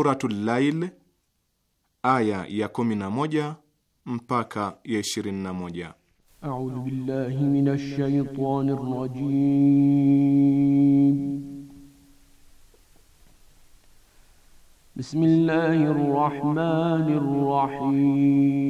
Suratul Lail aya ya moja mpaka ya moja. A'udhu billahi minash shaitanir rajim. Bismillahir rahmanir rahim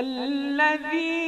الذي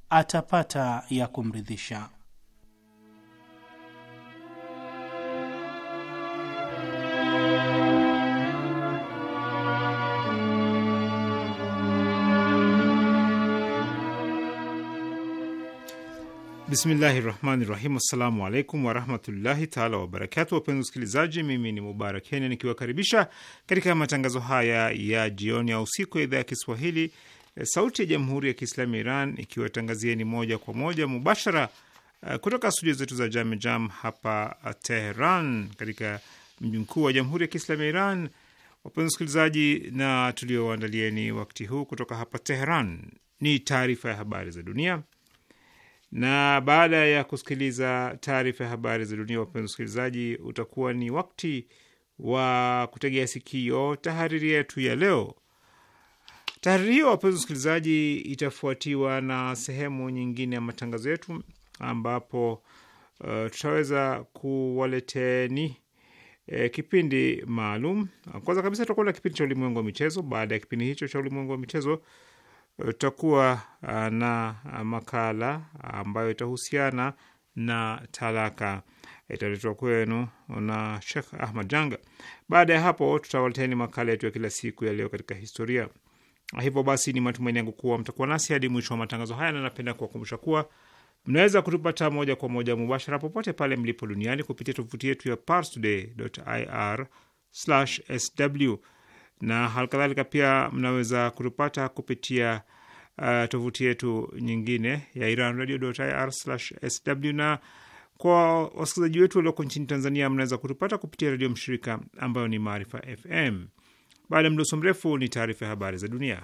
atapata ya kumridhisha. Bismillahi rahmani rahim. Assalamu alaikum warahmatullahi taala wabarakatu. Wapenzi wasikilizaji, mimi ni Mubarak Heni nikiwakaribisha katika matangazo haya ya jioni au usiku ya idhaa ya Kiswahili Sauti ya Jamhuri ya Kiislamu ya Iran ikiwatangazieni moja kwa moja mubashara uh, kutoka studio zetu za Jamejam hapa uh, Teheran, katika mji mkuu wa Jamhuri ya Kiislamu ya Iran. Wapenzi wasikilizaji, na tuliowaandalieni wakati huu kutoka hapa Teheran ni taarifa ya habari za dunia, na baada ya kusikiliza taarifa ya habari za dunia, wapenzi wasikilizaji, utakuwa ni wakati wa kutegea sikio tahariri yetu ya leo Tahariri hiyo, wapenzi wasikilizaji, itafuatiwa na sehemu nyingine ya matangazo yetu ambapo uh, tutaweza kuwaleteni E, kipindi maalum. Kwanza kabisa tutakuwa na kipindi cha ulimwengu wa michezo. Baada ya kipindi hicho cha ulimwengu wa michezo, uh, tutakuwa uh, na makala ambayo itahusiana na talaka, italetwa kwenu na Sheikh Ahmad Janga. Baada ya hapo, tutawaleteni makala yetu ya kila siku yaliyo katika historia. Hivyo basi ni matumaini yangu kuwa mtakuwa nasi hadi mwisho wa matangazo haya, na napenda kuwakumbusha kuwa mnaweza kutupata moja kwa moja mubashara popote pale mlipo duniani kupitia tovuti yetu ya parstoday.ir/sw, na halikadhalika pia mnaweza kutupata kupitia uh, tovuti yetu nyingine ya iranradio.ir/sw, na kwa wasikilizaji wetu walioko nchini Tanzania mnaweza kutupata kupitia redio mshirika ambayo ni Maarifa FM. Baada ya mdoso mrefu ni taarifa ya habari za dunia.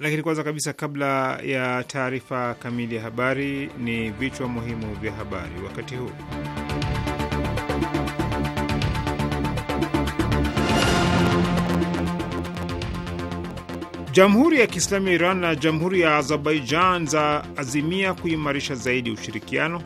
Lakini kwanza kabisa, kabla ya taarifa kamili ya habari, ni vichwa muhimu vya habari wakati huu. Jamhuri ya Kiislamu ya Iran na Jamhuri ya Azerbaijan za azimia kuimarisha zaidi ushirikiano.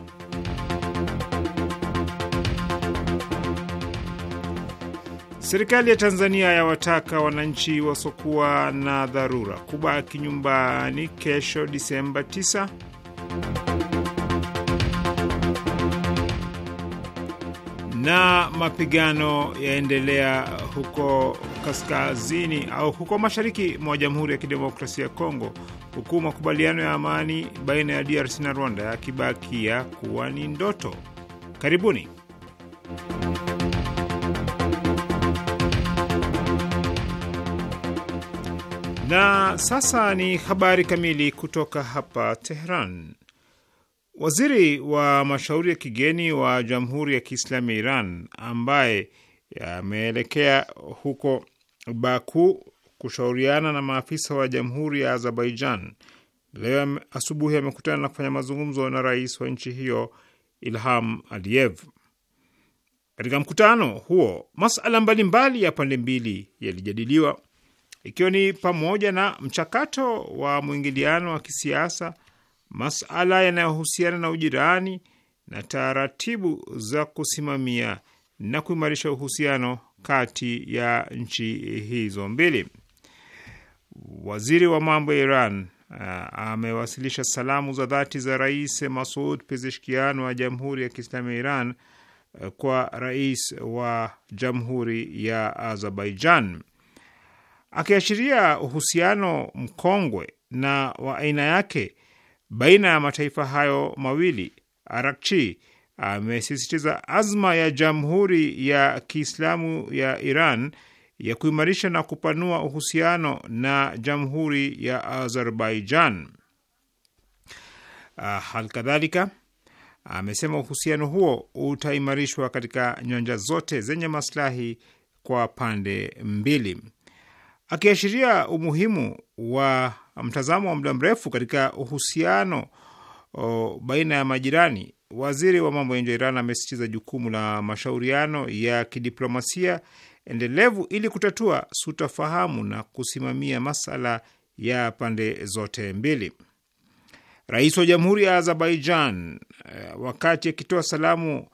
Serikali ya Tanzania yawataka wananchi wasokuwa na dharura kubaki nyumbani kesho Disemba 9. Na mapigano yaendelea huko kaskazini au huko mashariki mwa Jamhuri ya Kidemokrasia ya Kongo huku makubaliano ya amani baina ya DRC na Rwanda yakibakia kuwa ni ndoto. Karibuni. Na sasa ni habari kamili kutoka hapa Tehran. Waziri wa mashauri ya kigeni wa Jamhuri ya Kiislamu ya Iran ambaye ameelekea huko Baku kushauriana na maafisa wa Jamhuri ya Azerbaijan leo asubuhi amekutana na kufanya mazungumzo na rais wa nchi hiyo Ilham Aliyev. Katika mkutano huo, masala mbalimbali ya pande mbili yalijadiliwa ikiwa ni pamoja na mchakato wa mwingiliano wa kisiasa, masala yanayohusiana na ujirani na taratibu za kusimamia na kuimarisha uhusiano kati ya nchi hizo mbili. Waziri wa mambo ya Iran uh, amewasilisha salamu za dhati za Rais Masud Pezeshkian wa Jamhuri ya Kiislamu ya Iran uh, kwa rais wa Jamhuri ya Azerbaijan akiashiria uhusiano mkongwe na wa aina yake baina ya mataifa hayo mawili. Arakchi amesisitiza azma ya Jamhuri ya Kiislamu ya Iran ya kuimarisha na kupanua uhusiano na Jamhuri ya Azerbaijan. Ah, kadhalika amesema uhusiano huo utaimarishwa katika nyanja zote zenye maslahi kwa pande mbili akiashiria umuhimu wa mtazamo wa muda mrefu katika uhusiano o, baina ya majirani. Waziri wa mambo ya nje wa Iran amesisitiza jukumu la mashauriano ya kidiplomasia endelevu ili kutatua sutafahamu na kusimamia masala ya pande zote mbili. Rais wa Jamhuri ya Azerbaijan eh, wakati akitoa salamu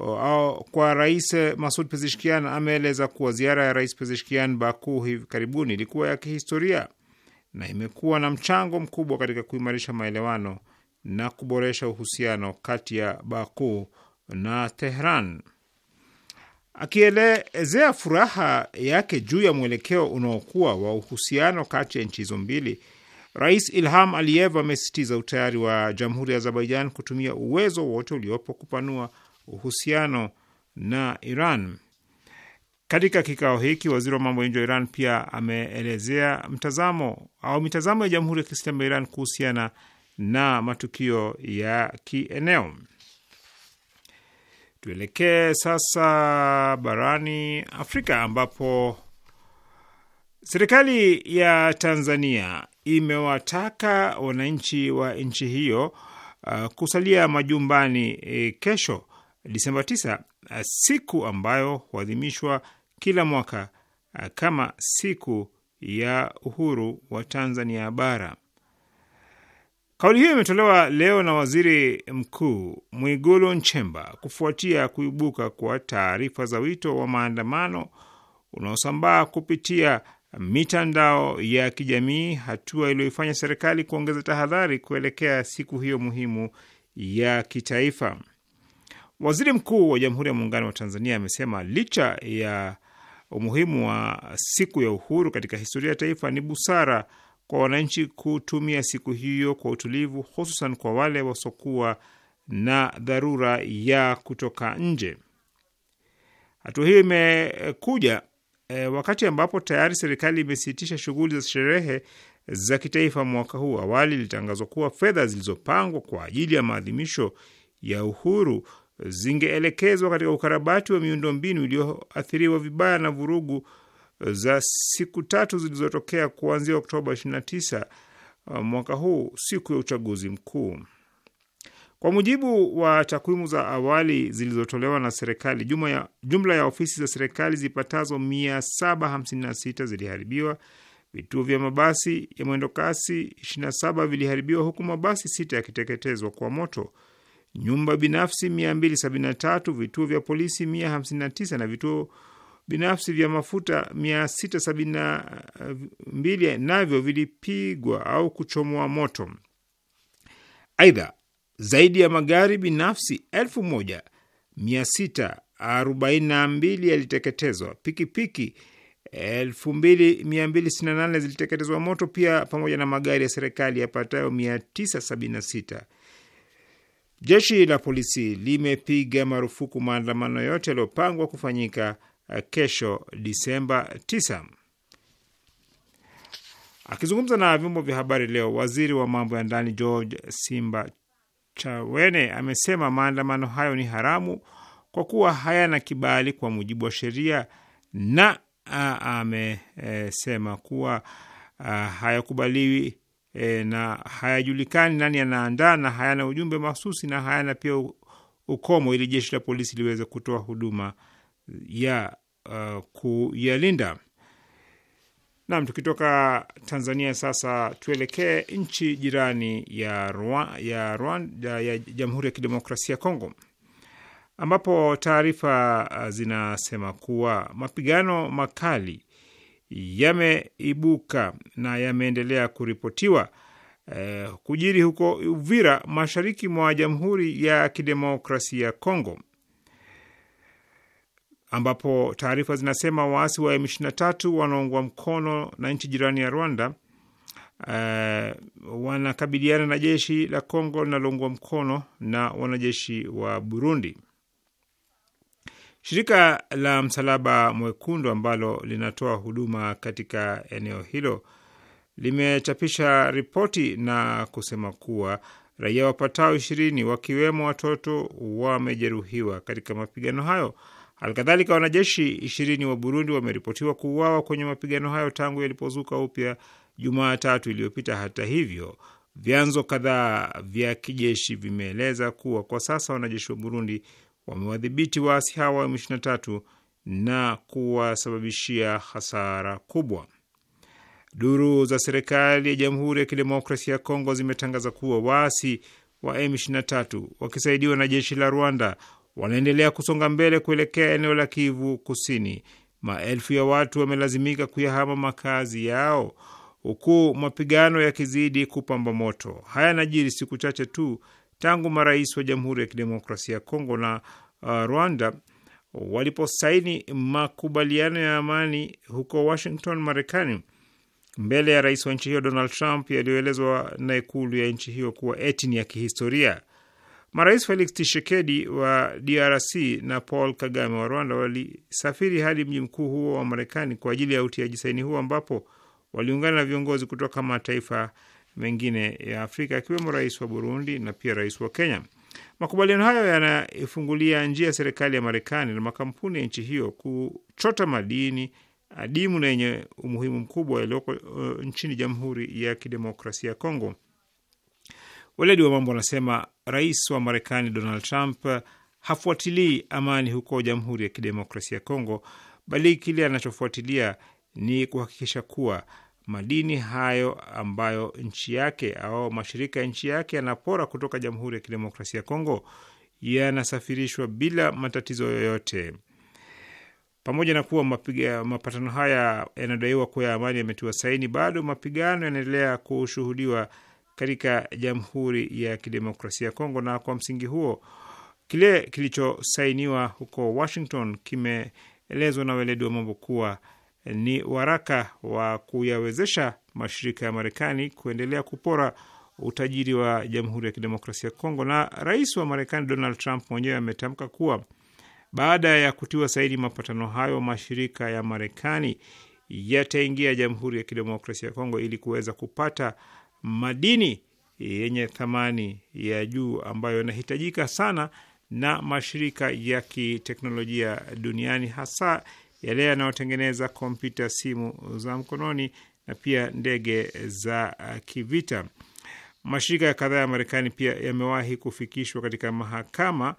au kwa Rais eh, Masud Pezishkian ameeleza kuwa ziara ya Rais Pezishkian Baku hivi karibuni ilikuwa ya kihistoria na imekuwa na mchango mkubwa katika kuimarisha maelewano na kuboresha uhusiano kati ya Baku na Tehran. Akielezea furaha yake juu ya mwelekeo unaokuwa wa uhusiano kati ya nchi hizo mbili, Rais Ilham Aliyev amesisitiza utayari wa Jamhuri ya Azerbaijan kutumia uwezo wote uliopo kupanua uhusiano na Iran. Katika kikao hiki waziri wa mambo ya nje wa Iran pia ameelezea mtazamo au mitazamo ya Jamhuri ya Kiislamu ya Iran kuhusiana na matukio ya kieneo. Tuelekee sasa barani Afrika ambapo serikali ya Tanzania imewataka wananchi wa nchi hiyo uh, kusalia majumbani e, kesho Disemba 9, uh, siku ambayo huadhimishwa kila mwaka uh, kama siku ya uhuru wa Tanzania bara. Kauli hiyo imetolewa leo na waziri mkuu Mwigulu Nchemba kufuatia kuibuka kwa taarifa za wito wa maandamano unaosambaa kupitia mitandao ya kijamii, hatua iliyoifanya serikali kuongeza tahadhari kuelekea siku hiyo muhimu ya kitaifa. Waziri Mkuu wa Jamhuri ya Muungano wa Tanzania amesema licha ya umuhimu wa siku ya uhuru katika historia ya taifa, ni busara kwa wananchi kutumia siku hiyo kwa utulivu, hususan kwa wale wasiokuwa na dharura ya kutoka nje. Hatua hiyo imekuja e, wakati ambapo tayari serikali imesitisha shughuli za sherehe za kitaifa mwaka huu. Awali ilitangazwa kuwa fedha zilizopangwa kwa ajili ya maadhimisho ya uhuru zingeelekezwa katika ukarabati wa miundombinu iliyoathiriwa vibaya na vurugu za siku tatu zilizotokea kuanzia Oktoba 29 uh, mwaka huu, siku ya uchaguzi mkuu. Kwa mujibu wa takwimu za awali zilizotolewa na serikali, jumla ya, jumla ya ofisi za serikali zipatazo 756 ziliharibiwa. Vituo vya mabasi ya mwendokasi 27 viliharibiwa huku mabasi sita yakiteketezwa kwa moto nyumba binafsi 273, vituo vya polisi 159 na vituo binafsi vya mafuta 672 navyo vilipigwa au kuchomwa moto. Aidha, zaidi ya magari binafsi 1642 yaliteketezwa, pikipiki 2268 ziliteketezwa moto pia, pamoja na magari ya serikali yapatayo 976. Jeshi la polisi limepiga marufuku maandamano yote yaliyopangwa kufanyika uh, kesho Disemba 9. Akizungumza na vyombo vya habari leo, waziri wa mambo ya ndani George simba chawene amesema maandamano hayo ni haramu kwa kuwa hayana kibali kwa mujibu wa sheria, na uh, amesema kuwa uh, hayakubaliwi e, na hayajulikani nani anaandaa na hayana ujumbe mahsusi na hayana pia ukomo, ili jeshi la polisi liweze kutoa huduma ya uh, kuyalinda. Nam, tukitoka Tanzania sasa tuelekee nchi jirani ya Rwanda, ya, Rwanda, ya Jamhuri ya Kidemokrasia ya Kongo ambapo taarifa uh, zinasema kuwa mapigano makali yameibuka na yameendelea kuripotiwa eh, kujiri huko Uvira, mashariki mwa Jamhuri ya Kidemokrasia ya Kongo, ambapo taarifa zinasema waasi wa M23 wanaungwa mkono na nchi jirani ya Rwanda Uh, wanakabiliana na jeshi la Kongo linaloungwa mkono na wanajeshi wa Burundi. Shirika la Msalaba Mwekundu ambalo linatoa huduma katika eneo hilo limechapisha ripoti na kusema kuwa raia wapatao ishirini wakiwemo watoto wamejeruhiwa katika mapigano hayo. Halikadhalika, wanajeshi ishirini wa Burundi wameripotiwa kuuawa kwenye mapigano hayo tangu yalipozuka upya Jumatatu iliyopita. Hata hivyo, vyanzo kadhaa vya kijeshi vimeeleza kuwa kwa sasa wanajeshi wa Burundi wamewadhibiti waasi hawa M23 na kuwasababishia hasara kubwa. Duru za serikali ya Jamhuri ya Kidemokrasia ya Kongo zimetangaza kuwa waasi wa M23 wakisaidiwa na jeshi la Rwanda wanaendelea kusonga mbele kuelekea eneo la Kivu Kusini. Maelfu ya watu wamelazimika kuyahama makazi yao huku mapigano yakizidi kupamba moto. Haya yanajiri siku chache tu tangu marais wa Jamhuri ya Kidemokrasia ya Kongo na uh, Rwanda waliposaini makubaliano ya amani huko Washington, Marekani, mbele ya rais wa nchi hiyo Donald Trump, yaliyoelezwa na ikulu ya nchi hiyo kuwa eti ni ya kihistoria. Marais Felix Tshisekedi wa DRC na Paul Kagame wa Rwanda walisafiri hadi mji mkuu huo wa Marekani kwa ajili ya utiaji saini huo, ambapo waliungana na viongozi kutoka mataifa mengine ya Afrika akiwemo rais wa Burundi na pia rais wa Kenya. Makubaliano hayo yanaifungulia njia ya serikali ya Marekani na makampuni ya nchi hiyo kuchota madini adimu na yenye umuhimu mkubwa yaliyoko uh, nchini Jamhuri ya Kidemokrasia ya Kongo. Weledi wa mambo wanasema rais wa Marekani Donald Trump hafuatilii amani huko Jamhuri ya Kidemokrasia ya Kongo, bali kile anachofuatilia ni kuhakikisha kuwa madini hayo ambayo nchi yake au mashirika ya nchi yake yanapora kutoka Jamhuri ya Kidemokrasia ya Kongo yanasafirishwa bila matatizo yoyote. Pamoja na kuwa mapiga, mapatano haya yanadaiwa kuwa ya amani yametiwa saini, bado mapigano yanaendelea kushuhudiwa katika Jamhuri ya Kidemokrasia ya Kongo, na kwa msingi huo kile kilichosainiwa huko Washington kimeelezwa na weledi wa mambo kuwa ni waraka wa kuyawezesha mashirika ya Marekani kuendelea kupora utajiri wa Jamhuri ya Kidemokrasia ya Kongo. Na rais wa Marekani Donald Trump mwenyewe ametamka kuwa baada ya kutiwa saini mapatano hayo, mashirika ya Marekani yataingia Jamhuri ya Kidemokrasia ya Kongo ili kuweza kupata madini yenye thamani ya juu ambayo yanahitajika sana na mashirika ya kiteknolojia duniani hasa yale yanayotengeneza kompyuta, simu za mkononi na pia ndege za uh, kivita. Mashirika kadhaa ya Marekani pia yamewahi kufikishwa katika mahakama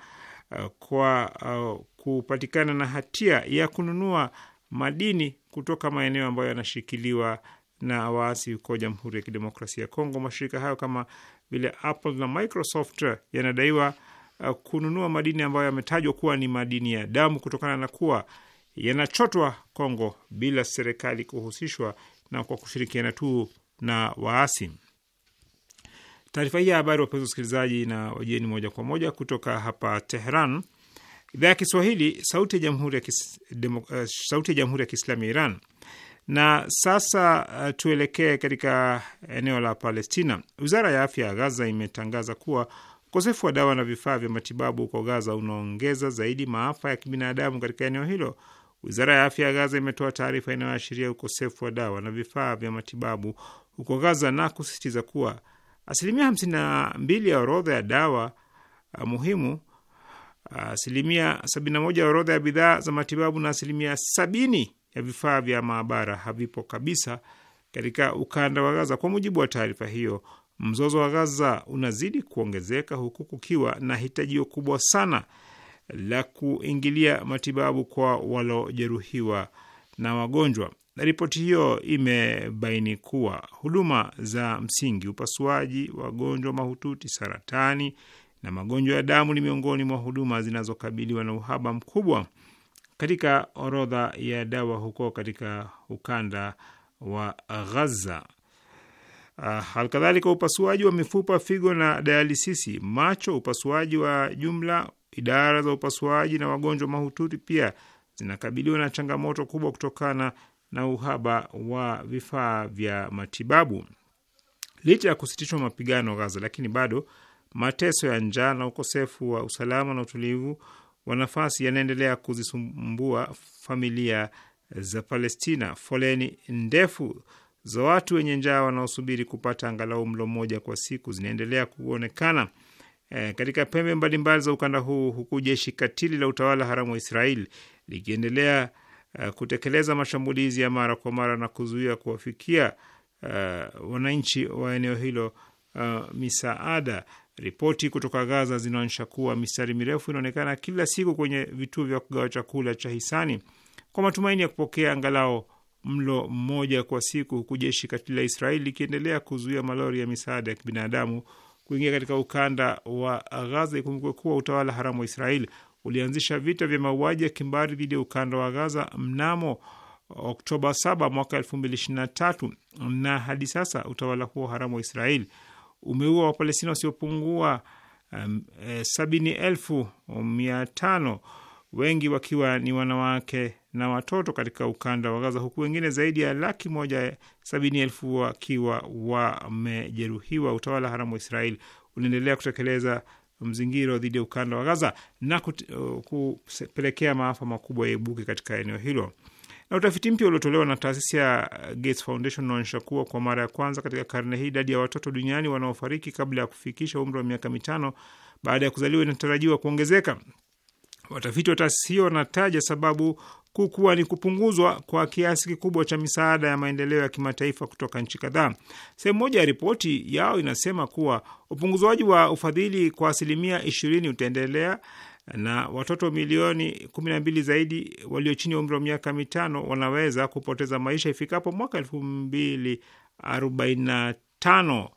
uh, kwa uh, kupatikana na hatia ya kununua madini kutoka maeneo ambayo yanashikiliwa na waasi huko Jamhuri ya Kidemokrasia ya Kongo. Mashirika hayo kama vile Apple na Microsoft yanadaiwa kununua madini ambayo yametajwa kuwa ni madini ya damu kutokana na kuwa yanachotwa Kongo bila serikali kuhusishwa na kwa kushirikiana tu na waasi. Taarifa hii ya habari, wapenzi wasikilizaji, na wageni moja kwa moja kutoka hapa Tehran, idhaa ya Kiswahili, sauti ya jamhuri ya kis, eh, Kiislamu ya Iran. Na sasa uh, tuelekee katika eneo la Palestina. Wizara ya afya ya Gaza imetangaza kuwa ukosefu wa dawa na vifaa vya matibabu kwa Gaza unaongeza zaidi maafa ya kibinadamu katika eneo hilo. Wizara ya afya ya Gaza imetoa taarifa inayoashiria ukosefu wa dawa na vifaa vya matibabu huko Gaza na kusisitiza kuwa asilimia hamsini na mbili ya orodha ya dawa uh, muhimu, uh, asilimia sabini na moja ya orodha ya bidhaa za matibabu na asilimia sabini ya vifaa vya maabara havipo kabisa katika ukanda wa Gaza. Kwa mujibu wa taarifa hiyo, mzozo wa Gaza unazidi kuongezeka huku kukiwa na hitajio kubwa sana la kuingilia matibabu kwa walojeruhiwa na wagonjwa. ripoti hiyo imebaini kuwa huduma za msingi, upasuaji, wagonjwa mahututi, saratani na magonjwa ya damu ni miongoni mwa huduma zinazokabiliwa na uhaba mkubwa katika orodha ya dawa huko katika ukanda wa ghaza ah, Halikadhalika, upasuaji wa mifupa, figo na dayalisisi, macho, upasuaji wa jumla Idara za upasuaji na wagonjwa mahututi pia zinakabiliwa na changamoto kubwa kutokana na uhaba wa vifaa vya matibabu. Licha ya kusitishwa mapigano Gaza, lakini bado mateso ya njaa na ukosefu wa usalama na utulivu wa nafasi yanaendelea kuzisumbua familia za Palestina. Foleni ndefu za watu wenye njaa wanaosubiri kupata angalau mlo mmoja kwa siku zinaendelea kuonekana Eh, katika pembe mbalimbali za ukanda huu, huku jeshi katili la utawala haramu wa Israel likiendelea uh, kutekeleza mashambulizi ya mara kwa mara na kuzuia kuwafikia uh, wananchi wa eneo hilo uh, misaada. Ripoti kutoka Gaza zinaonyesha kuwa mistari mirefu inaonekana kila siku kwenye vituo vya kugawa chakula cha hisani kwa matumaini ya kupokea angalau mlo mmoja kwa siku, huku jeshi katili la Israeli likiendelea kuzuia malori ya misaada ya kibinadamu kuingia katika ukanda wa Gaza, ikumbukwe kuwa utawala haramu wa Israeli ulianzisha vita vya mauaji ya kimbari dhidi ya ukanda wa Gaza mnamo Oktoba 7 mwaka 2023 na hadi sasa utawala huo haramu wa Israeli umeua Wapalestina wasiopungua um, e, sabini elfu mia tano wengi wakiwa ni wanawake na watoto katika ukanda wa Gaza, huku wengine zaidi ya laki moja sabini elfu wakiwa wamejeruhiwa. Utawala haramu wa Israeli unaendelea kutekeleza mzingiro dhidi ya ukanda wa Gaza na uh, kupelekea maafa makubwa ya katika eneo hilo. Na utafiti mpya uliotolewa na taasisi ya Gates Foundation unaonyesha kuwa kwa mara ya kwanza katika karne hii idadi ya watoto duniani wanaofariki kabla ya kufikisha umri wa miaka mitano baada ya kuzaliwa inatarajiwa kuongezeka. Watafiti wa taasisi hiyo wanataja sababu kuu kuwa ni kupunguzwa kwa kiasi kikubwa cha misaada ya maendeleo ya kimataifa kutoka nchi kadhaa. Sehemu moja ya ripoti yao inasema kuwa upunguzwaji wa ufadhili kwa asilimia ishirini utaendelea na watoto milioni kumi na mbili zaidi walio chini ya umri wa miaka mitano wanaweza kupoteza maisha ifikapo mwaka elfu mbili arobaini na tano.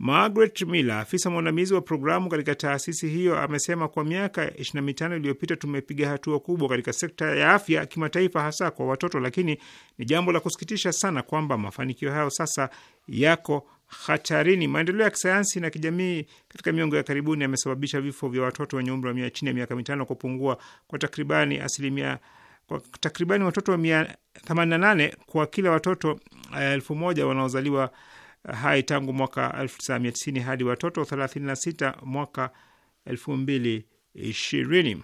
Margaret Miller, afisa mwandamizi wa programu katika taasisi hiyo, amesema kwa miaka 25 iliyopita tumepiga hatua kubwa katika sekta ya afya kimataifa, hasa kwa watoto, lakini ni jambo la kusikitisha sana kwamba mafanikio hayo sasa yako hatarini. Maendeleo ya kisayansi na kijamii katika miongo ya karibuni yamesababisha vifo vya watoto wenye umri wa chini ya miaka mitano kupungua kwa takribani asilimia kwa takribani watoto 88 kwa kila watoto eh, elfu moja wanaozaliwa hai tangu mwaka 1990 hadi watoto 36 mwaka 2020.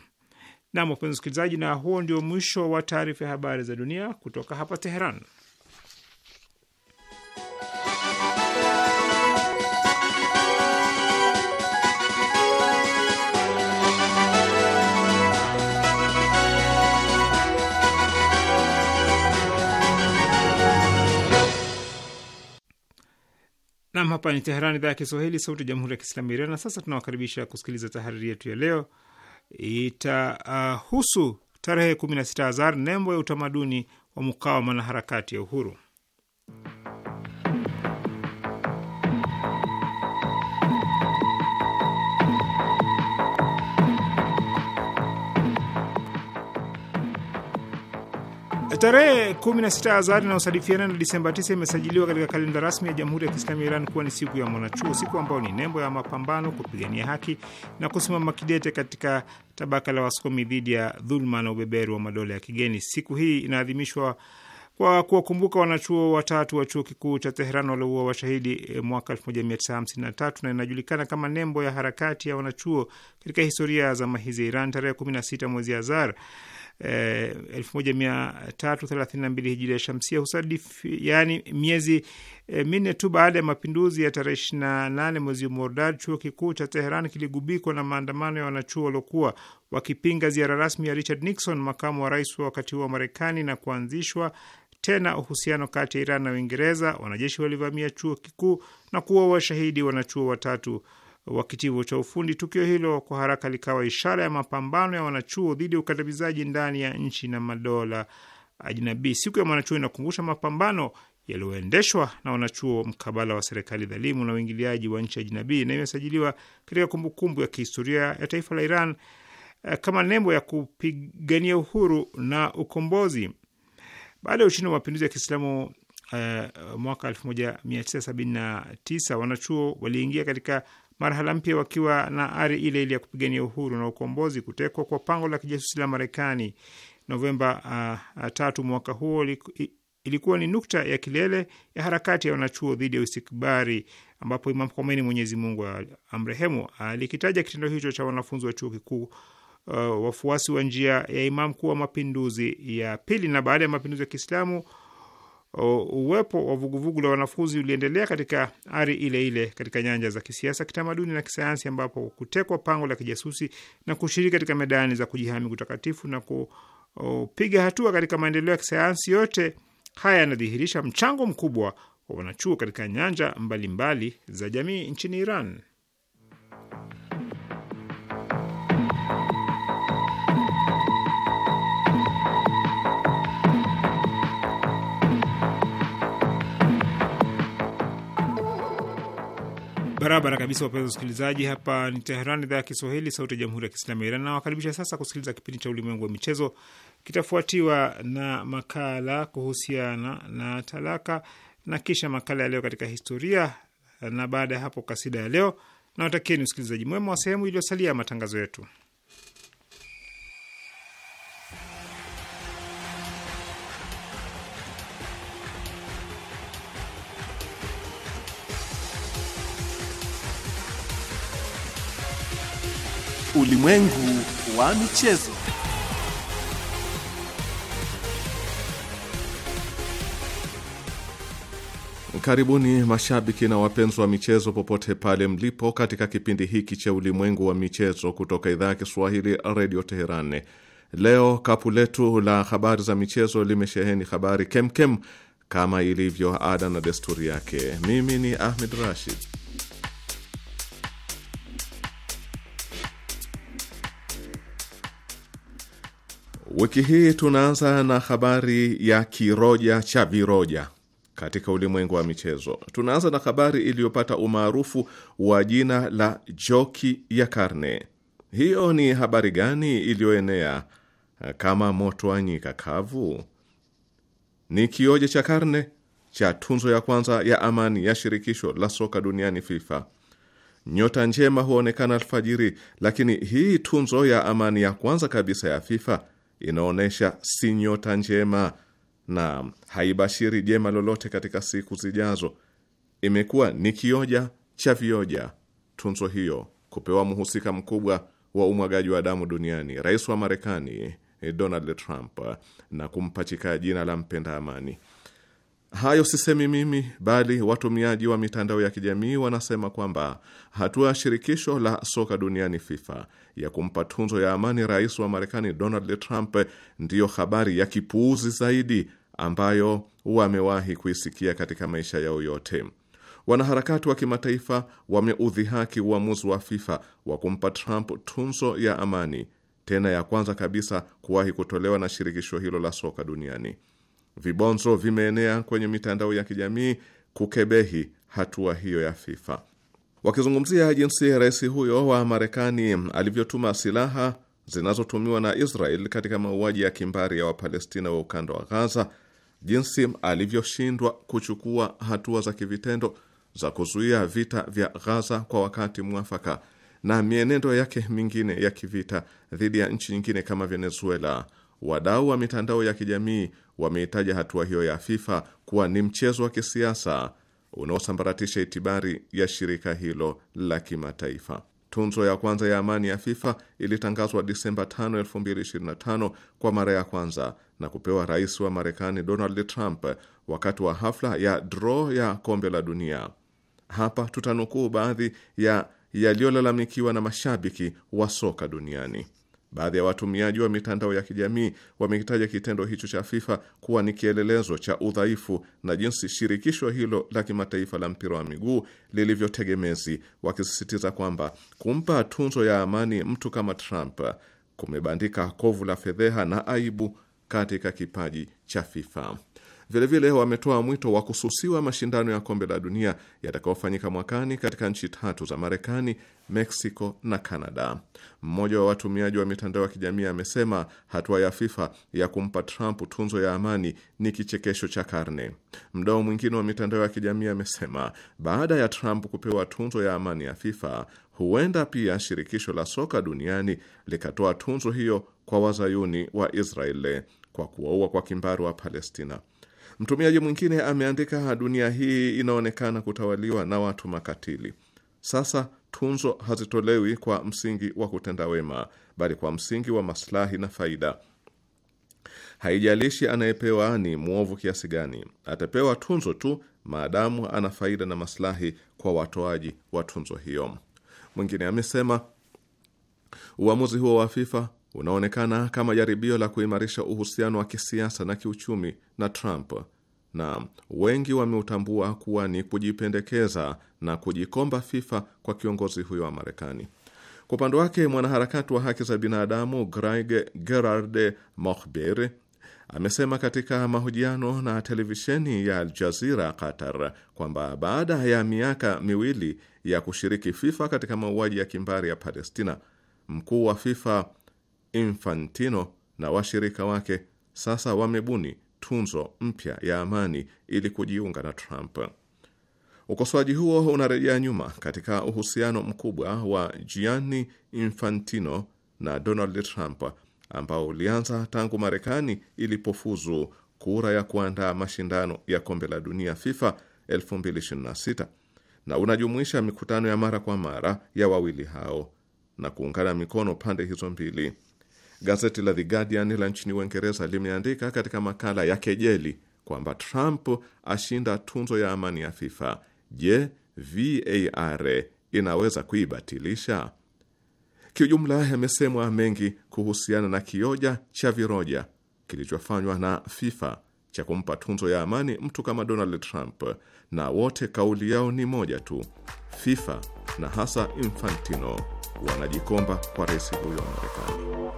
Nam wapenzi msikilizaji, na huo ndio mwisho wa taarifa ya habari za dunia kutoka hapa Teheran. Nam, hapa ni Teheran, idhaa ya Kiswahili, sauti ya jamhuri ya kiislamu ya Iran. Na sasa tunawakaribisha kusikiliza tahariri yetu ya leo. Itahusu uh, tarehe 16 Azar, nembo ya utamaduni wa mukawama na harakati ya uhuru. Tarehe 16 Azari inayosadifiana na Disemba 9 imesajiliwa katika kalenda rasmi ya Jamhuri ya Kiislamu ya Iran kuwa ni siku ya mwanachuo, siku ambayo ni nembo ya mapambano, kupigania haki na kusimama kidete katika tabaka la wasomi dhidi ya dhuluma na ubeberu wa madola ya kigeni. Siku hii inaadhimishwa kwa kuwakumbuka wanachuo watatu wa chuo kikuu cha Teheran walioua washahidi eh, mwaka 1953 na inajulikana kama nembo ya harakati ya wanachuo katika historia za zama hizi. Iran tarehe 16 mwezi Azar eh, 1332 hijiria shamsia husadifi yani miezi e, minne tu baada ya mapinduzi ya tarehe 28 mwezi Mordad, chuo kikuu cha Teheran kiligubikwa na maandamano ya wanachuo waliokuwa wakipinga ziara rasmi ya Richard Nixon, makamu wa rais wa wakati huo wa Marekani, na kuanzishwa tena uhusiano kati ya Iran na Uingereza. Wanajeshi walivamia chuo kikuu na kuwa washahidi wanachuo watatu wa kitivo cha ufundi. Tukio hilo kwa haraka likawa ishara ya mapambano ya wanachuo dhidi ya ukandamizaji ndani ya nchi na madola ajnabii. Siku ya mwanachuo inakumbusha mapambano yaliyoendeshwa na wanachuo mkabala wa serikali dhalimu na uingiliaji wa nchi ajnabii, na imesajiliwa katika kumbukumbu ya kihistoria ya taifa la Iran eh, kama nembo ya kupigania uhuru na ukombozi. Baada ya ushindi wa mapinduzi ya Kiislamu uh, mwaka 1979 wanachuo waliingia katika marhala mpya wakiwa na ari ile ile ya kupigania uhuru na ukombozi. Kutekwa kwa pango la kijasusi la Marekani Novemba uh, tatu mwaka huo ilikuwa ni nukta ya kilele ya harakati ya wanachuo dhidi ya uistikbari ambapo Imam Khomeini, Mwenyezi Mungu amrehemu, alikitaja kitendo hicho cha wanafunzi wa chuo kikuu uh, wafuasi wa njia ya Imam kuwa mapinduzi ya pili, na baada ya mapinduzi ya Kiislamu uwepo wa vuguvugu la wanafunzi uliendelea katika ari ile ile katika nyanja za kisiasa, kitamaduni na kisayansi, ambapo kutekwa pango la kijasusi na kushiriki katika medani za kujihami kutakatifu na kupiga hatua katika maendeleo ya kisayansi, yote haya yanadhihirisha mchango mkubwa wa wanachuo katika nyanja mbalimbali mbali za jamii nchini Iran. Barabara kabisa, wapenzi wasikilizaji, hapa ni Teheran, idhaa ya Kiswahili, sauti ya jamhuri ya kiislamu ya Iran. Nawakaribisha sasa kusikiliza kipindi cha ulimwengu wa michezo, kitafuatiwa na makala kuhusiana na talaka na kisha makala ya leo katika historia, na baada ya hapo kasida ya leo. Nawatakieni usikilizaji mwema wa sehemu iliyosalia ya matangazo yetu. ulimwengu wa michezo. Karibuni mashabiki na wapenzi wa michezo popote pale mlipo, katika kipindi hiki cha ulimwengu wa michezo kutoka idhaa ya Kiswahili redio Teheran. Leo kapu letu la habari za michezo limesheheni habari kemkem kama ilivyo ada na desturi yake. Mimi ni Ahmed Rashid. Wiki hii tunaanza na habari ya kiroja cha viroja katika ulimwengu wa michezo. Tunaanza na habari iliyopata umaarufu wa jina la joki ya karne. Hiyo ni habari gani iliyoenea kama moto wa nyika kavu? Ni kioja cha karne cha tunzo ya kwanza ya amani ya shirikisho la soka duniani FIFA. Nyota njema huonekana alfajiri, lakini hii tunzo ya amani ya kwanza kabisa ya FIFA inaonyesha si nyota njema na haibashiri jema lolote katika siku zijazo. Imekuwa ni kioja cha vioja tunzo hiyo kupewa mhusika mkubwa wa umwagaji wa damu duniani, rais wa Marekani eh, Donald Trump, na kumpachika jina la mpenda amani. Hayo sisemi mimi, bali watumiaji wa mitandao ya kijamii wanasema kwamba hatua ya shirikisho la soka duniani FIFA ya kumpa tunzo ya amani rais wa Marekani Donald Trump ndiyo habari ya kipuuzi zaidi ambayo wamewahi kuisikia katika maisha yao yote. Wanaharakati wa kimataifa wameudhihaki uamuzi wa FIFA wa kumpa Trump tunzo ya amani, tena ya kwanza kabisa kuwahi kutolewa na shirikisho hilo la soka duniani. Vibonzo vimeenea kwenye mitandao ya kijamii kukebehi hatua hiyo ya FIFA. Wakizungumzia jinsi rais huyo wa Marekani alivyotuma silaha zinazotumiwa na Israel katika mauaji ya kimbari ya Wapalestina wa ukanda wa Gaza, jinsi alivyoshindwa kuchukua hatua za kivitendo za kuzuia vita vya Gaza kwa wakati mwafaka, na mienendo yake mingine ya kivita dhidi ya nchi nyingine kama Venezuela, wadau wa mitandao ya kijamii wameitaja hatua hiyo ya FIFA kuwa ni mchezo wa kisiasa unaosambaratisha itibari ya shirika hilo la kimataifa. Tunzo ya kwanza ya amani ya FIFA ilitangazwa Disemba 5, 2025 kwa mara ya kwanza na kupewa rais wa Marekani Donald Trump wakati wa hafla ya draw ya kombe la dunia. Hapa tutanukuu baadhi ya yaliyolalamikiwa na mashabiki wa soka duniani. Baadhi ya watumiaji wa mitandao ya kijamii wamekitaja kitendo hicho cha FIFA kuwa ni kielelezo cha udhaifu na jinsi shirikisho hilo la kimataifa la mpira wa miguu lilivyotegemezi, wakisisitiza kwamba kumpa tunzo ya amani mtu kama Trump kumebandika kovu la fedheha na aibu katika kipaji cha FIFA. Vilevile wametoa mwito wa kususiwa mashindano ya kombe la dunia yatakayofanyika mwakani katika nchi tatu za Marekani, Mexico na Canada. Mmoja wa watumiaji wa mitandao ya kijamii amesema hatua ya FIFA ya kumpa Trump tunzo ya amani ni kichekesho cha karne. Mdao mwingine wa mitandao ya kijamii amesema baada ya Trump kupewa tunzo ya amani ya FIFA, huenda pia shirikisho la soka duniani likatoa tunzo hiyo kwa wazayuni wa Israeli kwa kuwaua kwa kimbari wa Palestina. Mtumiaji mwingine ameandika, dunia hii inaonekana kutawaliwa na watu makatili. Sasa tunzo hazitolewi kwa msingi wa kutenda wema, bali kwa msingi wa maslahi na faida. Haijalishi anayepewa ni mwovu kiasi gani, atapewa tunzo tu maadamu ana faida na maslahi kwa watoaji wa tunzo hiyo. Mwingine amesema uamuzi huo wa FIFA unaonekana kama jaribio la kuimarisha uhusiano wa kisiasa na kiuchumi na Trump, na wengi wameutambua kuwa ni kujipendekeza na kujikomba FIFA kwa kiongozi huyo wa Marekani. Kwa upande wake mwanaharakati wa haki za binadamu Greg Gerard mohbir amesema katika mahojiano na televisheni ya Al Jazeera Qatar kwamba baada ya miaka miwili ya kushiriki FIFA katika mauaji ya kimbari ya Palestina, mkuu wa FIFA Infantino na washirika wake sasa wamebuni tunzo mpya ya amani ili kujiunga na Trump. Ukosoaji huo unarejea nyuma katika uhusiano mkubwa wa Gianni Infantino na Donald Trump ambao ulianza tangu Marekani ilipofuzu kura ya kuandaa mashindano ya kombe la dunia FIFA 2026 na unajumuisha mikutano ya mara kwa mara ya wawili hao na kuungana mikono pande hizo mbili. Gazeti la The Guardian la nchini Uingereza limeandika katika makala ya kejeli kwamba Trump ashinda tunzo ya amani ya FIFA. Je, VAR inaweza kuibatilisha? Kiujumla, yamesemwa mengi kuhusiana na kioja cha viroja kilichofanywa na FIFA cha kumpa tunzo ya amani mtu kama Donald Trump, na wote kauli yao ni moja tu: FIFA na hasa Infantino wanajikomba kwa rais huyo wa Marekani.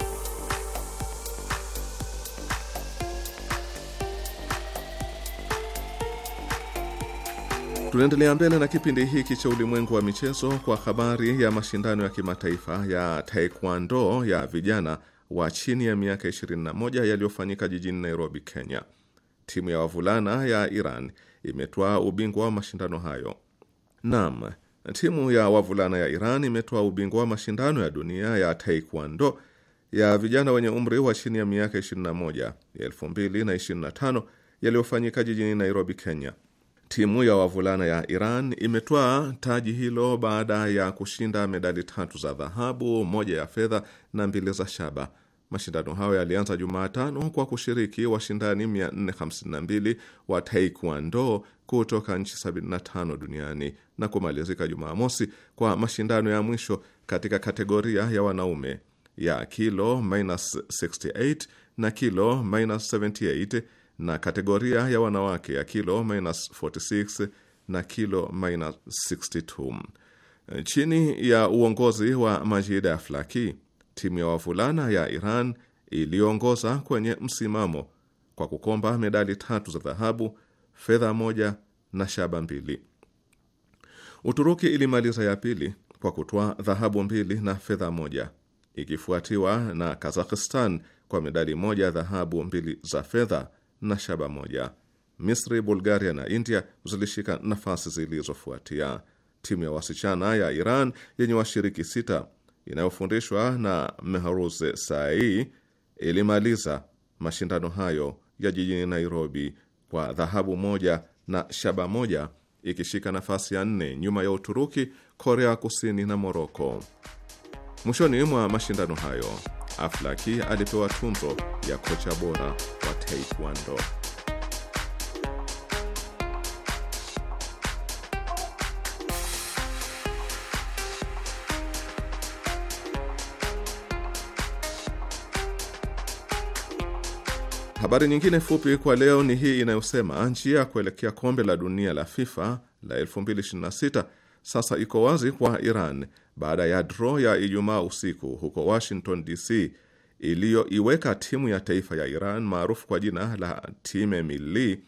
Tunaendelea mbele na kipindi hiki cha ulimwengu wa michezo kwa habari ya mashindano ya kimataifa ya taekwondo ya vijana wa chini ya miaka 21 yaliyofanyika jijini Nairobi, Kenya. Timu ya wavulana ya Iran imetoa ubingwa wa mashindano hayo. Naam, timu ya wavulana ya Iran imetoa ubingwa wa mashindano ya dunia ya taekwondo ya vijana wenye umri wa chini ya miaka 21 225 2025 yaliyofanyika jijini Nairobi, Kenya. Timu ya wavulana ya Iran imetwaa taji hilo baada ya kushinda medali tatu za dhahabu, moja ya fedha na mbili za shaba. Mashindano hayo yalianza Jumatano kwa kushiriki washindani 452 wa taekwondo kutoka nchi 75 duniani na kumalizika Jumamosi kwa mashindano ya mwisho katika kategoria ya wanaume ya kilo minus 68 na kilo minus 78 na kategoria ya wanawake ya kilo minus 46 na kilo minus 62. Chini ya uongozi wa Majida ya Flaki, timu ya wavulana ya Iran iliongoza kwenye msimamo kwa kukomba medali tatu za dhahabu, fedha moja na shaba mbili. Uturuki ilimaliza ya pili kwa kutoa dhahabu mbili na fedha moja, ikifuatiwa na Kazakhstan kwa medali moja dhahabu, mbili za fedha na shaba moja. Misri, Bulgaria na India zilishika nafasi zilizofuatia. Timu ya wasichana ya Iran yenye washiriki sita inayofundishwa na Mehruz Sai ilimaliza mashindano hayo ya jijini Nairobi kwa dhahabu moja na shaba moja ikishika nafasi ya nne nyuma ya Uturuki, Korea Kusini na Moroko. Mwishoni mwa mashindano hayo Aflaki alipewa tunzo ya kocha bora wa Taekwondo. Habari nyingine fupi kwa leo ni hii inayosema njia ya kuelekea kombe la dunia la FIFA la 2026 sasa iko wazi kwa Iran baada ya dro ya Ijumaa usiku huko Washington DC iliyoiweka timu ya taifa ya Iran maarufu kwa jina la time Mili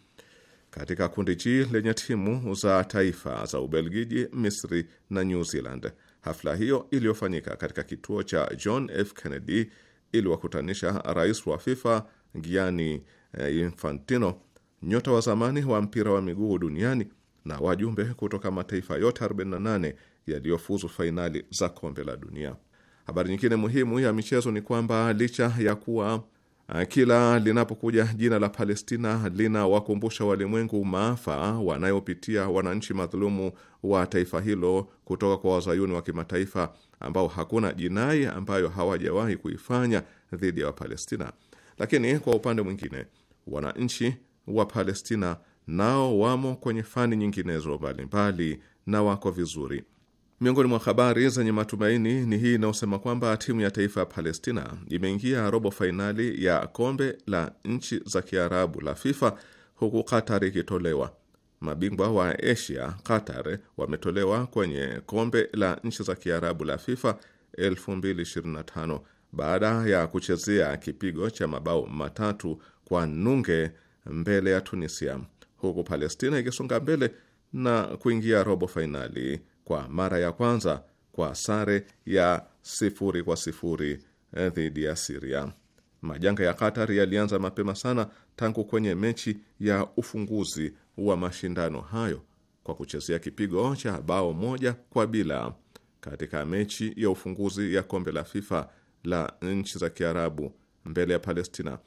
katika kundi G lenye timu za taifa za Ubelgiji, Misri na New Zealand. Hafla hiyo iliyofanyika katika kituo cha John F Kennedy iliwakutanisha rais wa FIFA Gianni eh, Infantino, nyota wa zamani wa mpira wa miguu duniani na wajumbe kutoka mataifa yote 48 yaliyofuzu fainali za kombe la dunia. Habari nyingine muhimu ya michezo ni kwamba licha ya kuwa uh, kila linapokuja jina la Palestina linawakumbusha walimwengu maafa wanayopitia wananchi madhulumu wa taifa hilo kutoka kwa wazayuni wa kimataifa ambao hakuna jinai ambayo hawajawahi kuifanya dhidi ya Wapalestina, lakini kwa upande mwingine wananchi wa Palestina nao wamo kwenye fani nyinginezo mbalimbali na wako vizuri. Miongoni mwa habari zenye matumaini ni hii inayosema kwamba timu ya taifa ya Palestina imeingia robo fainali ya kombe la nchi za Kiarabu la FIFA huku Qatar ikitolewa. Mabingwa wa Asia Qatar wametolewa kwenye kombe la nchi za Kiarabu la FIFA 2025 baada ya kuchezea kipigo cha mabao matatu kwa nunge mbele ya Tunisia huku Palestina ikisonga mbele na kuingia robo fainali kwa mara ya kwanza kwa sare ya sifuri kwa sifuri eh, dhidi ya Siria. Majanga ya Qatar yalianza mapema sana tangu kwenye mechi ya ufunguzi wa mashindano hayo kwa kuchezea kipigo cha bao moja kwa bila katika mechi ya ufunguzi ya kombe la FIFA la nchi za Kiarabu mbele ya Palestina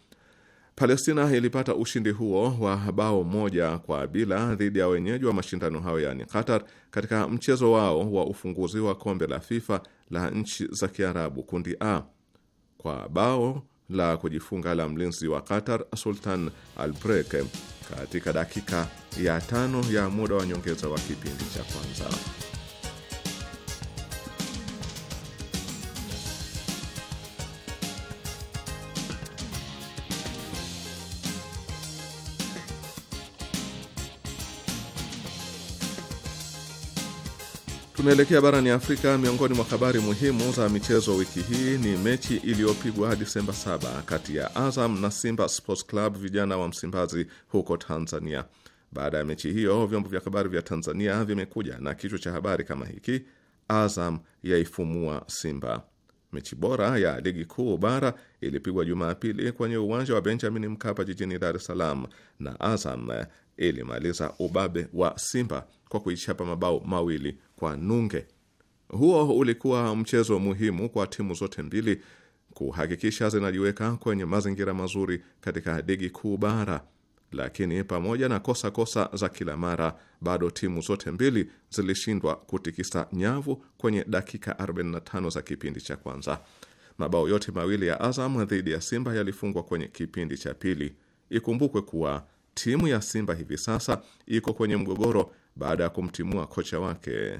Palestina ilipata ushindi huo wa bao moja kwa bila dhidi ya wenyeji wa mashindano hayo yaani Qatar katika mchezo wao wa ufunguzi wa kombe la FIFA la nchi za Kiarabu kundi A kwa bao la kujifunga la mlinzi wa Qatar Sultan Albrek katika dakika ya tano ya muda wa nyongeza wa kipindi cha kwanza. Tunaelekea barani Afrika. Miongoni mwa habari muhimu za michezo wiki hii ni mechi iliyopigwa Disemba 7 kati ya Azam na Simba Sports Club vijana wa Msimbazi huko Tanzania. Baada ya mechi hiyo, vyombo vya habari vya Tanzania vimekuja na kichwa cha habari kama hiki: Azam yaifumua Simba. Mechi bora ya ligi kuu bara ilipigwa Jumapili kwenye uwanja wa Benjamin Mkapa jijini Dar es Salaam, na Azam ilimaliza ubabe wa Simba kwa kuichapa mabao mawili kwa nunge. Huo ulikuwa mchezo muhimu kwa timu zote mbili kuhakikisha zinajiweka kwenye mazingira mazuri katika ligi kuu bara. Lakini pamoja na kosa kosa za kila mara, bado timu zote mbili zilishindwa kutikisa nyavu kwenye dakika 45 za kipindi cha kwanza. Mabao yote mawili ya Azam dhidi ya Simba yalifungwa kwenye kipindi cha pili. Ikumbukwe kuwa timu ya Simba hivi sasa iko kwenye mgogoro baada ya kumtimua kocha wake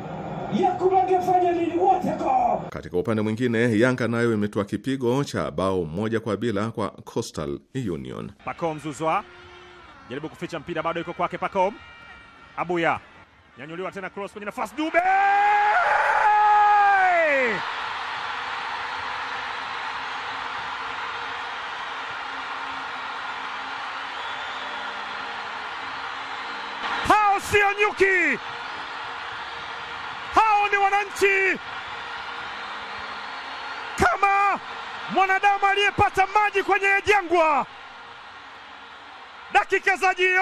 Yakubu angefanya nini wote ko. Katika upande mwingine, Yanga nayo imetoa kipigo cha bao moja kwa bila kwa Coastal Union. Pacom Zuzwa jaribu kuficha mpira, bado iko kwake Pacom. Abuya nyanyuliwa tena, cross kwenye nafasi Dube hao sio nyuki ni wananchi, kama mwanadamu aliyepata maji kwenye jangwa. Dakika za jioni,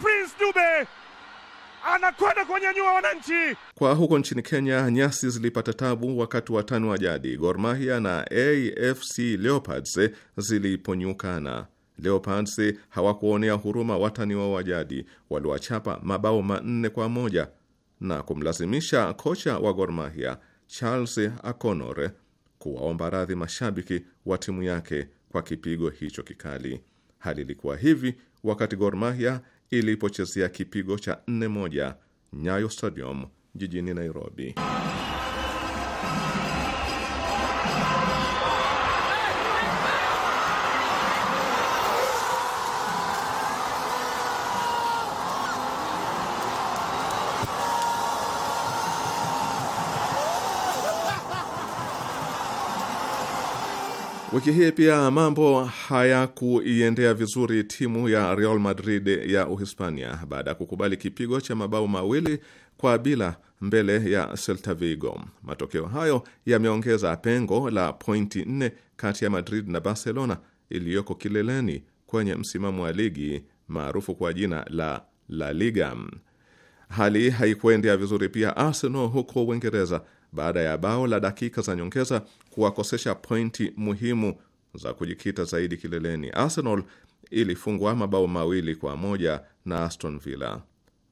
Prince Dube anakwenda kuwanyanyua wananchi. Kwa huko nchini Kenya, nyasi zilipata tabu wakati wa tano wa jadi. Gor Mahia na AFC Leopards ziliponyukana. Leopards hawakuonea huruma watani wao wa jadi waliwachapa mabao manne kwa moja na kumlazimisha kocha wa Gor Mahia Charles Akonore kuwaomba radhi mashabiki wa timu yake kwa kipigo hicho kikali. Hali ilikuwa hivi wakati Gor Mahia ilipochezea kipigo cha 4-1 Nyayo Stadium jijini Nairobi. Wiki hii pia mambo hayakuiendea vizuri timu ya Real Madrid ya Uhispania baada ya kukubali kipigo cha mabao mawili kwa bila mbele ya Celta Vigo. Matokeo hayo yameongeza pengo la pointi nne kati ya Madrid na Barcelona iliyoko kileleni kwenye msimamo wa ligi maarufu kwa jina la La Liga. Hali haikuendea vizuri pia Arsenal huko Uingereza baada ya bao la dakika za nyongeza kuwakosesha pointi muhimu za kujikita zaidi kileleni. Arsenal ilifungwa mabao mawili kwa moja na Aston Villa.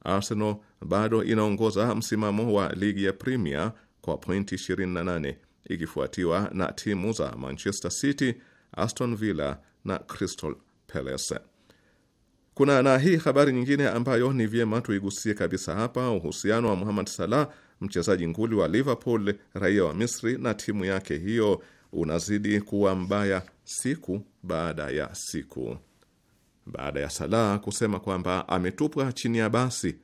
Arsenal bado inaongoza msimamo wa ligi ya Premier kwa pointi 28 ikifuatiwa na timu za Manchester City, Aston Villa na Crystal Palace. Kuna na hii habari nyingine ambayo ni vyema tuigusie kabisa hapa, uhusiano wa Muhammad Salah mchezaji nguli wa Liverpool, raia wa Misri na timu yake hiyo unazidi kuwa mbaya siku baada ya siku. Baada ya Salah kusema kwamba ametupwa chini ya basi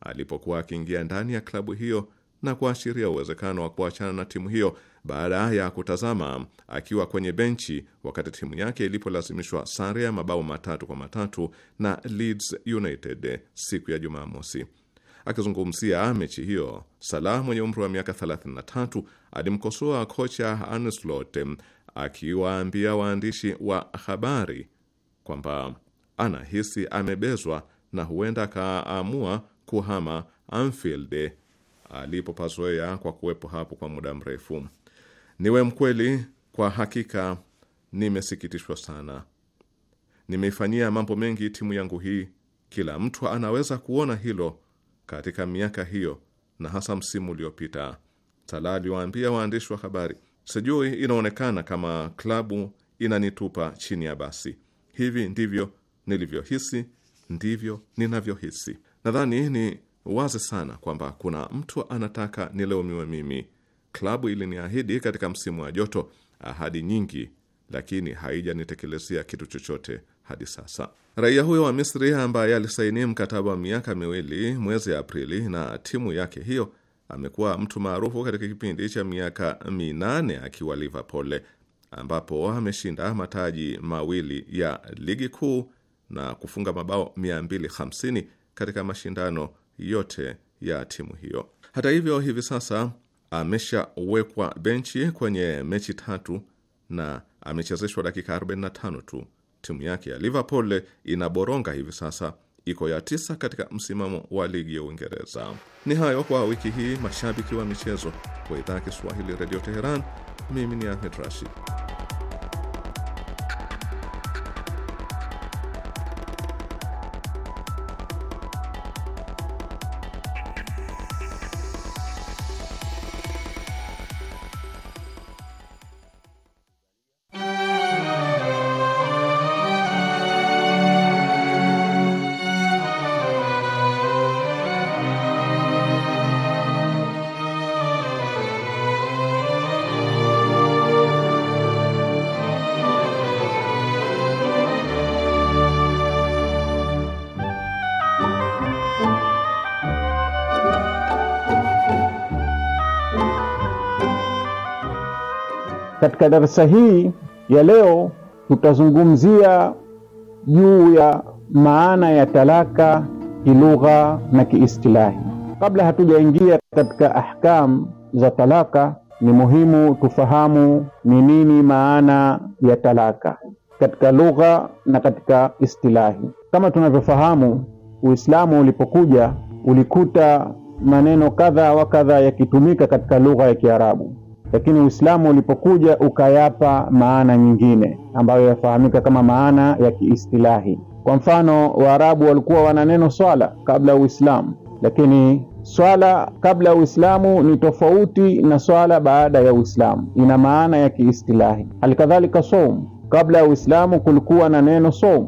alipokuwa akiingia ndani ya klabu hiyo na kuashiria uwezekano wa kuachana na timu hiyo baada ya kutazama akiwa kwenye benchi wakati timu yake ilipolazimishwa sare ya mabao matatu kwa matatu na Leeds United siku ya Jumamosi. Akizungumzia mechi hiyo, Salah mwenye umri wa miaka 33 alimkosoa kocha Arne Slot akiwaambia waandishi wa habari kwamba anahisi amebezwa na huenda akaamua kuhama Anfield alipopazoea kwa kuwepo hapo kwa muda mrefu. Niwe mkweli, kwa hakika nimesikitishwa sana. Nimeifanyia mambo mengi timu yangu hii, kila mtu anaweza kuona hilo katika miaka hiyo na hasa msimu uliopita. Sala aliwaambia waandishi wa habari, sijui inaonekana kama klabu inanitupa chini ya basi. Hivi ndivyo nilivyohisi, ndivyo ninavyohisi. Nadhani ni wazi sana kwamba kuna mtu anataka nileumiwe mimi. Klabu iliniahidi katika msimu wa joto ahadi nyingi, lakini haijanitekelezea kitu chochote hadi sasa. Raia huyo wa Misri ambaye alisaini mkataba wa miaka miwili mwezi Aprili na timu yake hiyo amekuwa mtu maarufu katika kipindi cha miaka minane akiwa Liverpool, ambapo ameshinda mataji mawili ya ligi kuu na kufunga mabao 250 katika mashindano yote ya timu hiyo. Hata hivyo, hivi sasa ameshawekwa benchi kwenye mechi tatu na amechezeshwa dakika 45 tu timu yake ya Liverpool inaboronga hivi sasa, iko ya tisa katika msimamo wa ligi ya Uingereza. Ni hayo kwa wiki hii, mashabiki wa michezo, kwa idhaa ya Kiswahili Redio Teheran. Mimi ni Ahmed Rashid. Katika darasa hii ya leo tutazungumzia juu ya maana ya talaka kilugha na kiistilahi. Kabla hatujaingia katika ahkam za talaka, ni muhimu tufahamu ni nini maana ya talaka katika lugha na katika istilahi. Kama tunavyofahamu, Uislamu ulipokuja ulikuta maneno kadha wa kadha yakitumika katika lugha ya Kiarabu lakini Uislamu ulipokuja ukayapa maana nyingine ambayo yafahamika kama maana ya kiistilahi. Kwa mfano, Waarabu walikuwa wana neno swala kabla ya Uislamu, lakini swala kabla ya Uislamu ni tofauti na swala baada ya Uislamu, ina maana ya kiistilahi. Halikadhalika, saum kabla ya Uislamu kulikuwa na neno saum,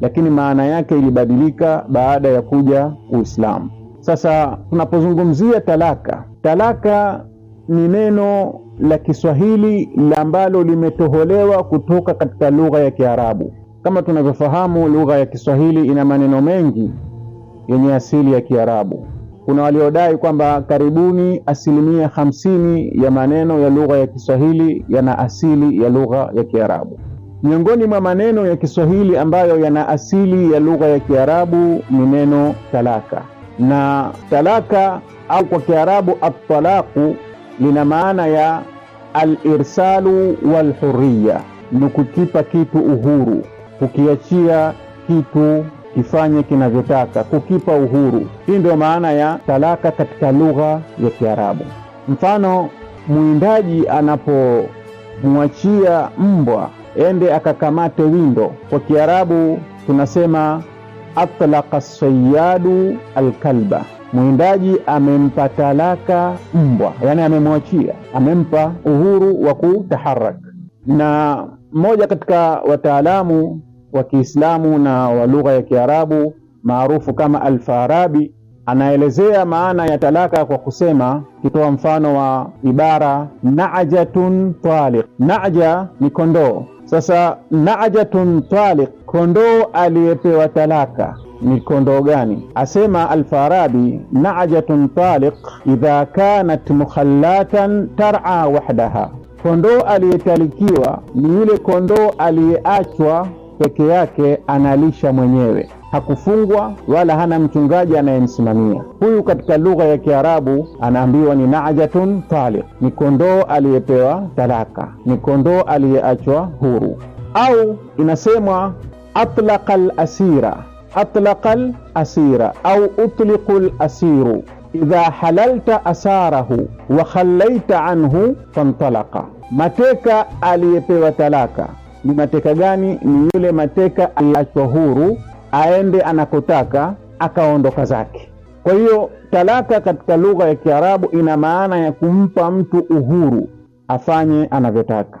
lakini maana yake ilibadilika baada ya kuja Uislamu. Sasa tunapozungumzia talaka, talaka ni neno la Kiswahili ambalo limetoholewa kutoka katika lugha ya Kiarabu. Kama tunavyofahamu, lugha ya Kiswahili ina maneno mengi yenye asili ya Kiarabu. Kuna waliodai kwamba karibuni asilimia hamsini ya maneno ya lugha ya Kiswahili yana asili ya lugha ya Kiarabu. Miongoni mwa maneno ya Kiswahili ambayo yana asili ya lugha ya Kiarabu ni neno talaka, na talaka au kwa Kiarabu at lina maana ya alirsalu walhuriya, ni kukipa kitu uhuru, kukiachia kitu kifanye kinavyotaka, kukipa uhuru. Hii ndio maana ya talaka katika lugha ya Kiarabu. Mfano, mwindaji anapomwachia mbwa ende akakamate windo, kwa Kiarabu tunasema atlaqa sayadu alkalba mwindaji amempa talaka mbwa, yani amemwachia, amempa uhuru wa kutaharak. Na mmoja katika wataalamu wa Kiislamu na wa lugha ya Kiarabu maarufu kama Alfarabi anaelezea maana ya talaka kwa kusema, kitoa mfano wa ibara najatun taliq. Naja ni kondoo. Sasa najatun taliq, kondoo aliyepewa talaka ni kondoo gani? Asema Alfarabi, najatun taliq idha kanat mukhallatan tar'a wahdaha, kondoo aliyetalikiwa ni yule kondoo aliyeachwa peke yake, analisha mwenyewe hakufungwa wala hana mchungaji anayemsimamia. Huyu katika lugha ya Kiarabu anaambiwa ni najatun taliq, ni kondoo aliyepewa talaka, ni kondoo aliyeachwa huru. Au inasemwa atlaqa al asira atlaqa lasira au utliqu lasiru idha halalta asarahu wa khallaita anhu fantalaqa, mateka aliyepewa talaka ni mateka gani? Ni yule mateka aliachwa huru aende anakotaka akaondoka zake. Kwa hiyo talaka katika lugha ya Kiarabu ina maana ya kumpa mtu uhuru afanye anavyotaka.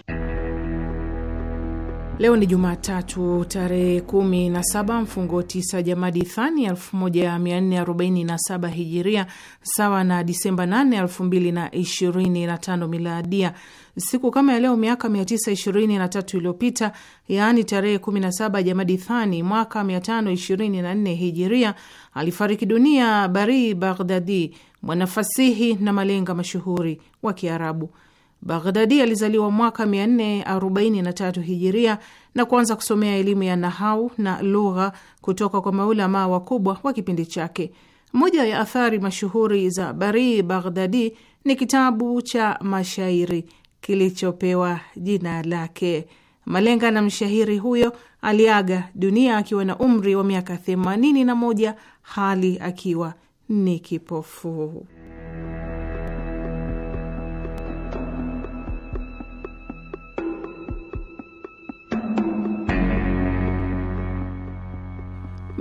Leo ni Jumatatu tarehe 17 mfungo 9 Jamadi Thani 1447 Hijiria, sawa na Disemba 8, 2025 Miladia. Siku kama ya leo miaka 923 iliyopita, yaani tarehe 17 Jamadi Thani mwaka 524 Hijiria, alifariki dunia Bari Baghdadi, mwanafasihi na malenga mashuhuri wa Kiarabu. Baghdadi alizaliwa mwaka 443 hijiria na kuanza kusomea elimu ya nahau na lugha kutoka kwa maulamaa wakubwa wa kipindi chake. Moja ya athari mashuhuri za Bari Baghdadi ni kitabu cha mashairi kilichopewa jina lake. Malenga na mshahiri huyo aliaga dunia akiwa na umri wa miaka 81 hali akiwa ni kipofu.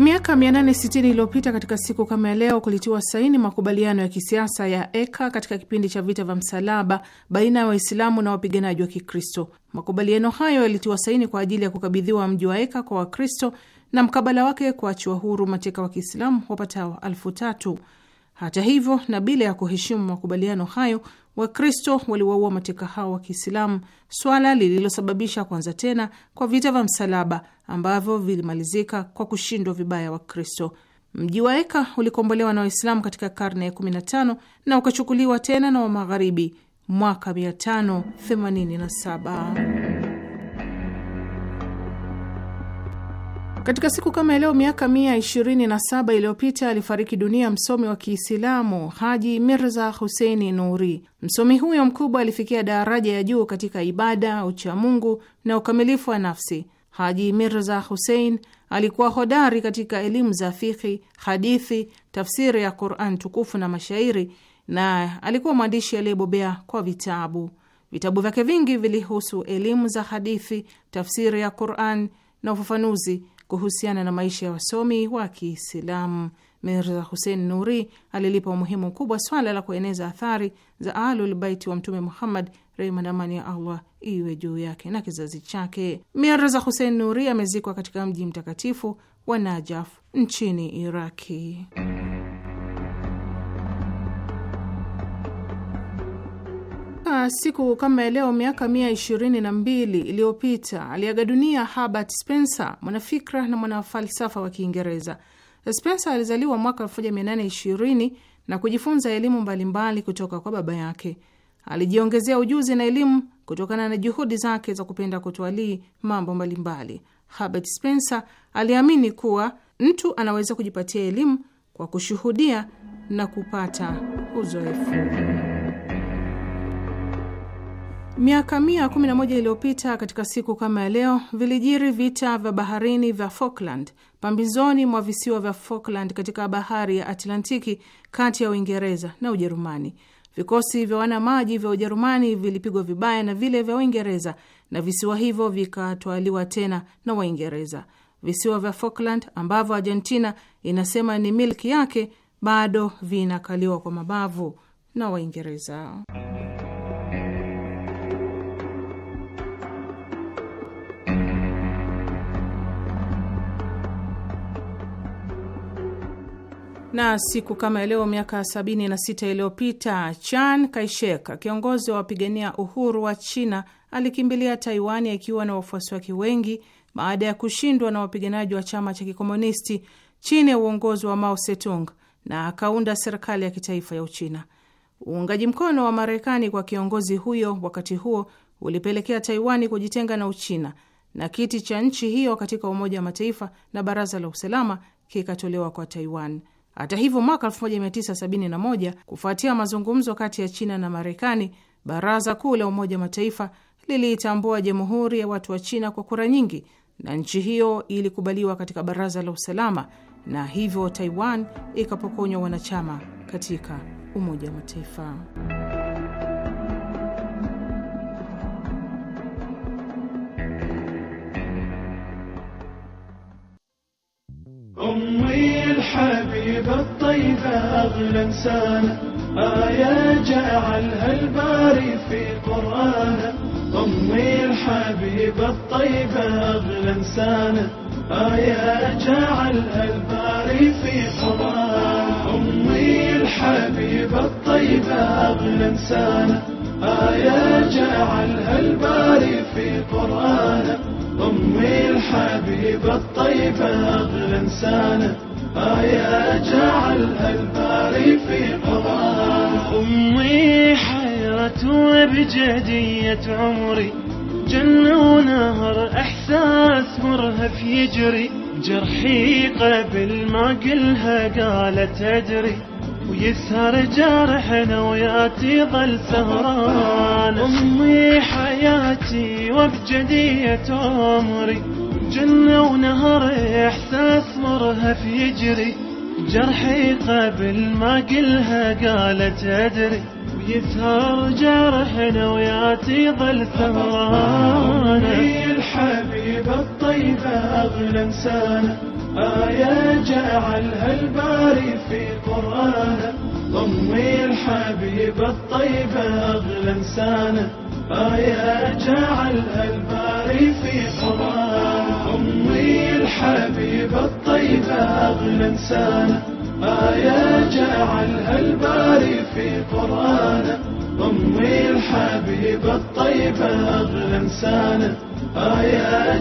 Miaka 860 iliyopita katika siku kama ya leo kulitiwa saini makubaliano ya kisiasa ya Eka katika kipindi cha vita vya msalaba baina ya wa Waislamu na wapiganaji wa Kikristo. Makubaliano hayo yalitiwa saini kwa ajili ya kukabidhiwa mji wa Eka kwa Wakristo na mkabala wake kuachiwa huru mateka wa Kiislamu wapatao elfu tatu. Hata hivyo, na bila ya kuheshimu makubaliano hayo, Wakristo waliwaua mateka hao wa Kiislamu, swala lililosababisha kuanza tena kwa vita vya msalaba ambavyo vilimalizika kwa kushindwa vibaya Wakristo. Mji wa Eka ulikombolewa na Waislamu katika karne ya 15 na ukachukuliwa tena na Wamagharibi mwaka 587. Katika siku kama leo miaka mia ishirini na saba iliyopita alifariki dunia msomi wa Kiislamu Haji Mirza Huseini Nuri. Msomi huyo mkubwa alifikia daraja ya juu katika ibada, uchamungu na ukamilifu wa nafsi. Haji Mirza Husein alikuwa hodari katika elimu za fikhi, hadithi, tafsiri ya Quran tukufu na mashairi, na alikuwa mwandishi aliyebobea kwa vitabu. Vitabu vyake vingi vilihusu elimu za hadithi, tafsiri ya Quran na ufafanuzi kuhusiana na maisha ya wasomi wa Kiislamu. Mirza Hussein Nuri alilipa umuhimu mkubwa swala la kueneza athari za Ahlul Baiti wa Mtume Muhammad, rehma na amani ya Allah iwe juu yake na kizazi chake. Mirza Hussein Nuri amezikwa katika mji mtakatifu wa Najaf nchini Iraki. Katika siku kama leo miaka mia ishirini na mbili iliyopita aliaga dunia Herbert Spencer, mwanafikra na mwanafalsafa wa Kiingereza. Spencer alizaliwa mwaka 1820 na kujifunza elimu mbalimbali kutoka kwa baba yake. Alijiongezea ujuzi na elimu kutokana na juhudi zake za kupenda kutwalii mambo mbalimbali. Herbert Spencer aliamini kuwa mtu anaweza kujipatia elimu kwa kushuhudia na kupata uzoefu. Miaka mia kumi na moja iliyopita katika siku kama ya leo vilijiri vita vya baharini vya Falkland pambizoni mwa visiwa vya Falkland katika bahari ya Atlantiki kati ya Uingereza na Ujerumani. Vikosi vya wanamaji vya Ujerumani vilipigwa vibaya na vile vya Uingereza na visiwa hivyo vikatwaliwa tena na Waingereza. Visiwa vya Falkland ambavyo Argentina inasema ni milki yake bado vinakaliwa kwa mabavu na Waingereza. Na siku kama leo miaka 76 iliyopita chan kaishek kiongozi wa wapigania uhuru wa China, alikimbilia Taiwani akiwa na wafuasi wake wengi baada ya kushindwa na wapiganaji wa chama cha kikomunisti chini ya uongozi wa Mao setung na akaunda serikali ya kitaifa ya Uchina. Uungaji mkono wa Marekani kwa kiongozi huyo wakati huo ulipelekea Taiwani kujitenga na Uchina na kiti cha nchi hiyo katika Umoja wa Mataifa na Baraza la Usalama kikatolewa kwa Taiwan. Hata hivyo, mwaka 1971 kufuatia mazungumzo kati ya China na Marekani, Baraza Kuu la Umoja wa Mataifa liliitambua Jamhuri ya Watu wa China kwa kura nyingi, na nchi hiyo ilikubaliwa katika Baraza la Usalama, na hivyo Taiwan ikapokonywa wanachama katika Umoja wa Mataifa. أمي الحبيبة الطيبة أغلى إنسانة آية جعلها الباري في قرآنه أمي الحبيبة الطيبة أغلى إنسانة آية جعلها الباري في قرآنه أمي الحبيبة الطيبة أغلى إنسانة آية جعلها الباري في قرآنه أمي الحبيبة الطيبة أغلى إنسانة آية جعل الباري في قرآن أمي حيرة وأبجدية عمري جنة ونهر إحساس مرهف يجري جرحي قبل ما قلها قالت أدري ويسهر جارحنا وياتي ظل سهران امي حياتي وابجدية عمري جنة ونهر احساس مرهف يجري جرحي قبل ما قلها قالت ادري ويسهر جرحنا وياتي ظل سهران هي الحبيبة الطيبة اغلى انسانه آية جعلها الباري في قرآنه ضمي الحبيب الطيب أغلى انسانه آية جعلها الباري في قرآنه ضمي الحبيب الطيب أغلى انسانه آية جعلها الباري في قرآنه ضمي الحبيب الطيب أغلى انسانه آيا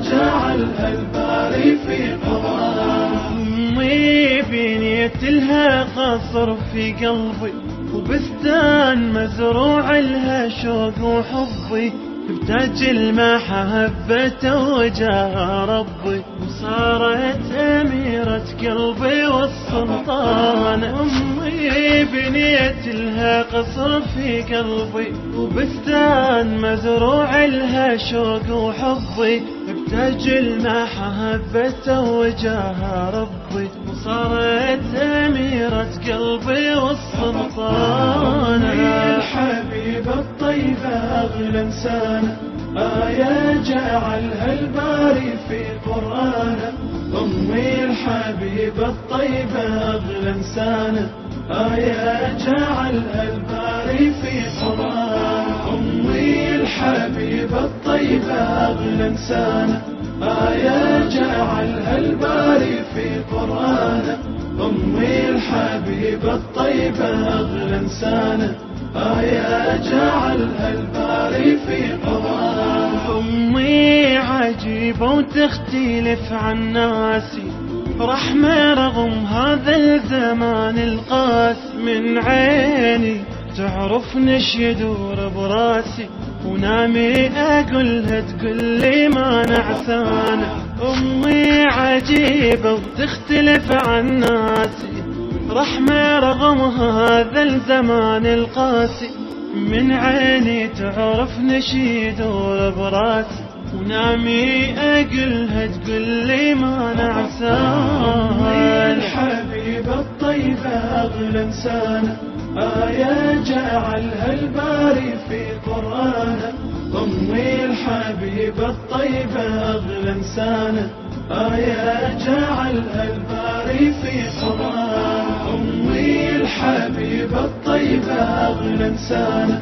في أمي لها قصر في قلبي وبستان مزروع لها شوق وحبي بتاج المحبة وجاها ربي وصارت أميرة قلبي والسلطان أمي بنيت لها قصر في قلبي وبستان مزروع لها شوق وحظي بتاج المحبة وجاها ربي وصارت أميرة قلبي والسلطان يا الحبيبة الطيبة أغلى إنسانة آية جعلها الباري في قرآنه أمي الحبيبة الطيبة أغلى إنسانة آية جعل الباري في صلاة أمي الحبيبة الطيبة أغلى إنسانة آية جعلها الباري في قرآنه أمي الحبيبة الطيبة أغلى إنسانة آية جعلها الباري في قرآنه أمي عجيبة وتختلف عن ناسي رحمة رغم هذا الزمان القاس من عيني تعرفني يدور براسي ونامي اقولها تقول لي ما نعسانة امي عجيبة وتختلف عن ناسي رحمة رغم هذا الزمان القاسي من عيني تعرفني يدور براسي ونعمي أقلها تقول لي ما نعسان الحبيبة الطيبة أغلى إنسانة آية جعلها الباري في قرآنه أمي الحبيبة الطيبة أغلى إنسانة آية جعلها الباري في قرآنه أمي الحبيبة الطيبة أغلى إنسانة